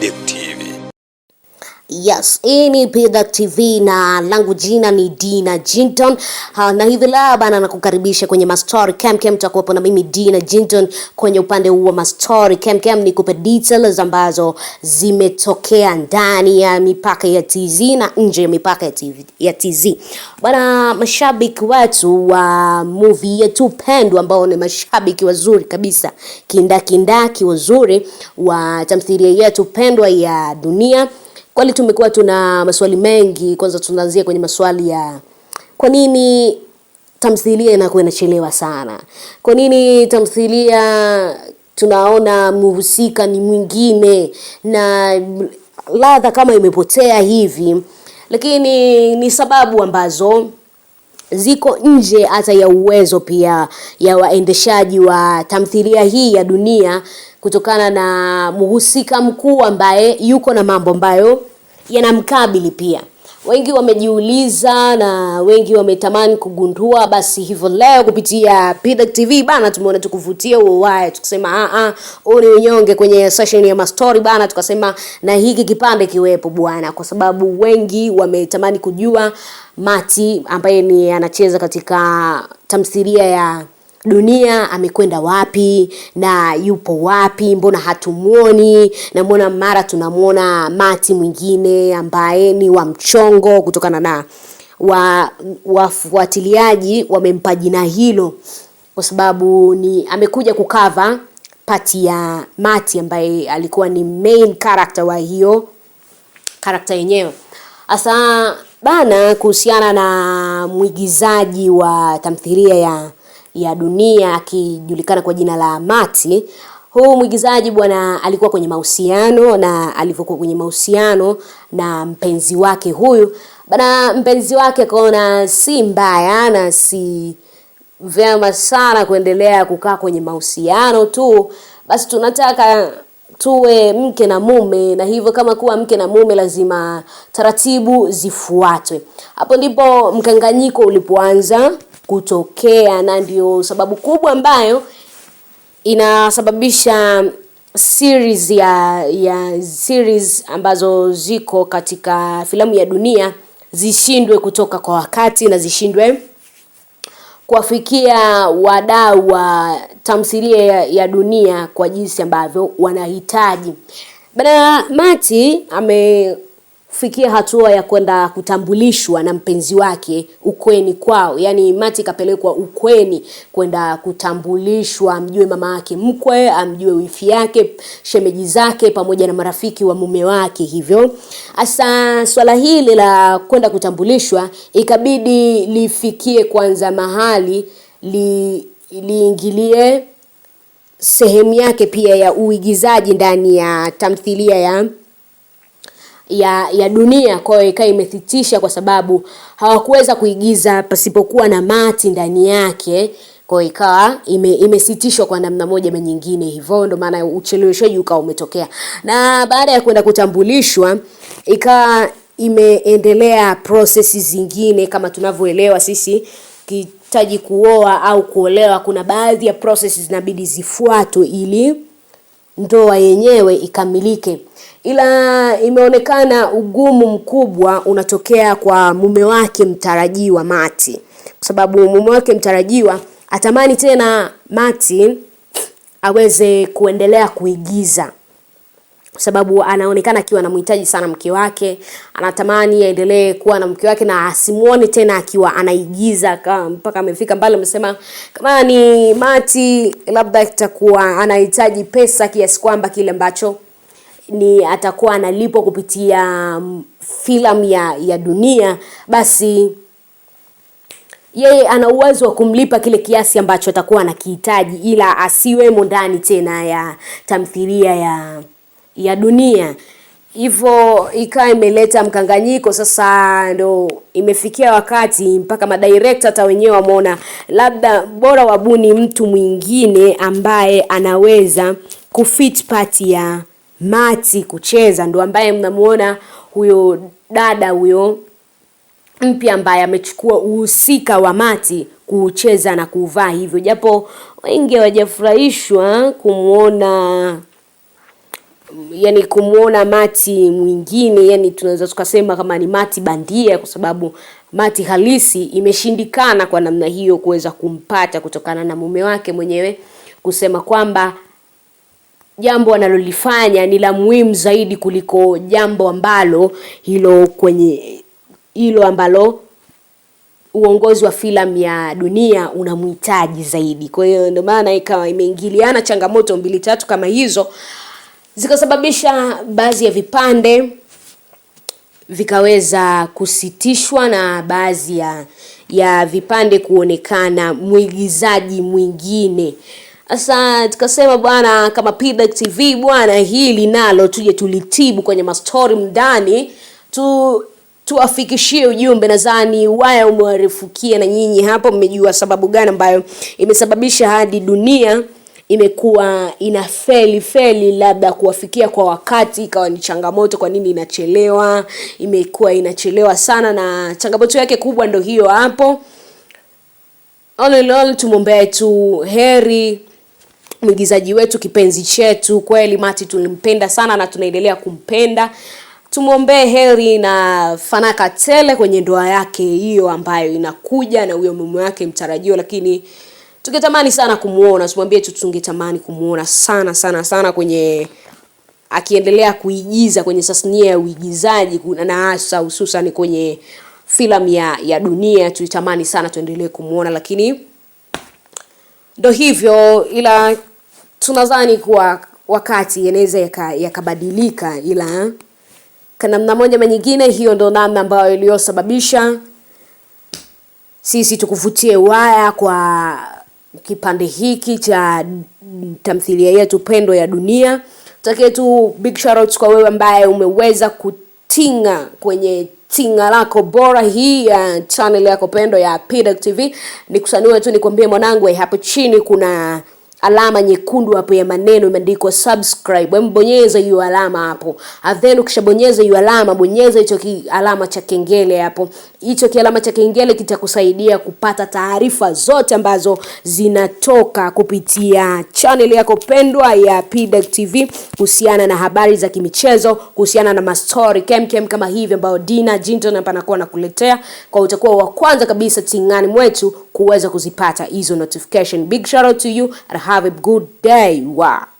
inepti. Yes, hii ni Pida TV na langu jina ni Dina Jinton. Ha, na hivi la bana nakukaribisha kwenye mastori kemkem, tutakuwepo na mimi Dina Jinton kwenye upande huu wa mastori ni nikupe details ambazo zimetokea ndani ya mipaka ya TZ na nje ya mipaka ya, ya TZ. Bana, mashabiki wetu wa movie yetu pendwa ambao ni mashabiki wazuri kabisa kindakindaki wazuri wa tamthilia yetu pendwa ya dunia Kweli tumekuwa tuna maswali mengi. Kwanza tunaanzia kwenye maswali ya kwa nini tamthilia inakuwa inachelewa sana? Kwa nini tamthilia tunaona mhusika ni mwingine na ladha kama imepotea hivi? Lakini ni sababu ambazo ziko nje hata ya uwezo pia ya waendeshaji wa tamthilia hii ya dunia kutokana na mhusika mkuu ambaye yuko na mambo ambayo yanamkabili pia. Wengi wamejiuliza na wengi wametamani kugundua. Basi hivyo leo kupitia PDAC TV bana, tumeona tukuvutia huo waya, tukasema ah, ah, huu ni unyonge kwenye session ya mastori bana, tukasema na hiki kipande kiwepo bwana, kwa sababu wengi wametamani kujua Mati ambaye ni anacheza katika tamthilia ya dunia amekwenda wapi na yupo wapi, mbona hatumwoni? mbona mara tunamwona Mati mwingine ambaye ni wa mchongo, kutokana na wafuatiliaji wamempa jina hilo kwa sababu ni amekuja kukava pati ya Mati ambaye alikuwa ni main character wa hiyo character yenyewe. Asa bana, kuhusiana na mwigizaji wa tamthilia ya ya dunia akijulikana kwa jina la Mati. Huu mwigizaji bwana alikuwa kwenye mahusiano na alivyokuwa kwenye mahusiano na mpenzi wake huyu bana, mpenzi wake akaona si mbaya na si vyema sana kuendelea kukaa kwenye mahusiano tu, basi tunataka tuwe mke na mume, na hivyo kama kuwa mke na mume lazima taratibu zifuatwe. Hapo ndipo mkanganyiko ulipoanza kutokea, na ndio sababu kubwa ambayo inasababisha series ya ya series ambazo ziko katika filamu ya dunia zishindwe kutoka kwa wakati na zishindwe kuwafikia wadau wa tamthilia ya dunia kwa jinsi ambavyo wanahitaji. Bana Mati ame kufikia hatua ya kwenda kutambulishwa na mpenzi wake ukweni kwao, yaani Mati kapelekwa ukweni kwenda kutambulishwa, amjue mama yake mkwe, amjue wifi yake, shemeji zake, pamoja na marafiki wa mume wake. Hivyo hasa swala hili la kwenda kutambulishwa ikabidi lifikie kwanza mahali li, liingilie sehemu yake pia ya uigizaji ndani ya tamthilia ya ya ya dunia. Kwa hiyo ikawa imethitisha kwa sababu hawakuweza kuigiza pasipokuwa na mati ndani yake. Kwa ikawa ime, imesitishwa kwa namna moja ama nyingine, hivyo ndio maana ucheleweshaji ukawa umetokea. Na baada ya kwenda kutambulishwa ikawa imeendelea prosesi zingine kama tunavyoelewa sisi kitaji kuoa au kuolewa, kuna baadhi ya prosesi zinabidi zifuatwe ili ndoa yenyewe ikamilike, ila imeonekana ugumu mkubwa unatokea kwa mume wake mtarajiwa Mati, kwa sababu mume wake mtarajiwa atamani tena Mati aweze kuendelea kuigiza kwa sababu anaonekana akiwa anamhitaji sana mke wake, anatamani aendelee kuwa na mke wake na asimuone tena akiwa anaigiza mpaka amefika mbali. Amesema kama ni Mati, labda itakuwa anahitaji pesa kiasi kwamba kile ambacho ni atakuwa analipwa kupitia mm, filamu ya, ya Dunia, basi yeye ana uwezo wa kumlipa kile kiasi ambacho atakuwa anakihitaji, ila asiwemo ndani tena ya tamthilia ya ya dunia, hivyo ikawa imeleta mkanganyiko. Sasa ndo imefikia wakati mpaka madirekta hata wenyewe wameona labda bora wabuni mtu mwingine ambaye anaweza kufit pati ya Mati kucheza, ndo ambaye mnamuona huyo dada huyo mpya ambaye amechukua uhusika wa Mati kuucheza na kuuvaa hivyo, japo wengi hawajafurahishwa kumwona yani kumwona Mati mwingine, yani tunaweza tukasema kama ni Mati bandia, kwa sababu Mati halisi imeshindikana kwa namna hiyo kuweza kumpata kutokana na mume wake mwenyewe kusema kwamba jambo analolifanya ni la muhimu zaidi kuliko jambo ambalo hilo kwenye hilo ambalo uongozi wa filamu ya dunia unamhitaji zaidi. Kwa hiyo ndio maana ikawa imeingiliana changamoto mbili tatu kama hizo zikasababisha baadhi ya vipande vikaweza kusitishwa na baadhi ya, ya vipande kuonekana mwigizaji mwingine. Sasa tukasema bwana, kama Payback TV bwana, hili nalo tuje tulitibu kwenye mastori mndani tu tuwafikishie ujumbe. Nadhani waya umewarefukia na nyinyi hapo mmejua sababu gani ambayo imesababisha hadi dunia imekuwa ina feli feli, labda kuwafikia kwa wakati ikawa ni changamoto. Kwa nini inachelewa? Imekuwa inachelewa sana, na changamoto yake kubwa ndo hiyo hapo. All tumwombee tu heri mwigizaji wetu kipenzi chetu kweli, Mati tulimpenda sana na tunaendelea kumpenda. Tumwombee heri na fanaka tele kwenye ndoa yake hiyo ambayo inakuja na huyo mume wake mtarajio, lakini tungetamani sana kumuona, tumwambie tu tungetamani kumuona sana sana sana kwenye akiendelea kuigiza kwenye tasnia ya uigizaji na hasa hususan kwenye filamu ya, ya dunia. Tulitamani sana tuendelee kumuona, lakini ndo hivyo, ila tunadhani kuwa wakati yanaweza yakabadilika yaka, ila kwa namna moja ama nyingine, hiyo ndo namna ambayo iliyosababisha sisi tukuvutie waya kwa kipande hiki cha tamthilia yetu pendo ya dunia. Tutakie tu big shout kwa wewe ambaye umeweza kutinga kwenye tinga lako bora hii ya channel yako pendo ya PDAC TV. Nikusanue tu nikwambie mwanangu, eh, hapo chini kuna alama nyekundu hapo ya maneno imeandikwa subscribe. Hebu bonyeza hiyo alama hapo, and then ukishabonyeza hiyo alama, bonyeza hicho alama cha kengele hapo. Hicho kialama cha kengele kitakusaidia kupata taarifa zote ambazo zinatoka kupitia channel yako pendwa ya PDAC TV kuhusiana na habari za kimichezo, kuhusiana na mastori kemkem kama hivi ambayo Dina Jinton hapa anakuwa nakuletea, kwa utakuwa wa kwanza kabisa tingani mwetu kuweza kuzipata hizo notification. Big shout out to you. have a good day. Wow.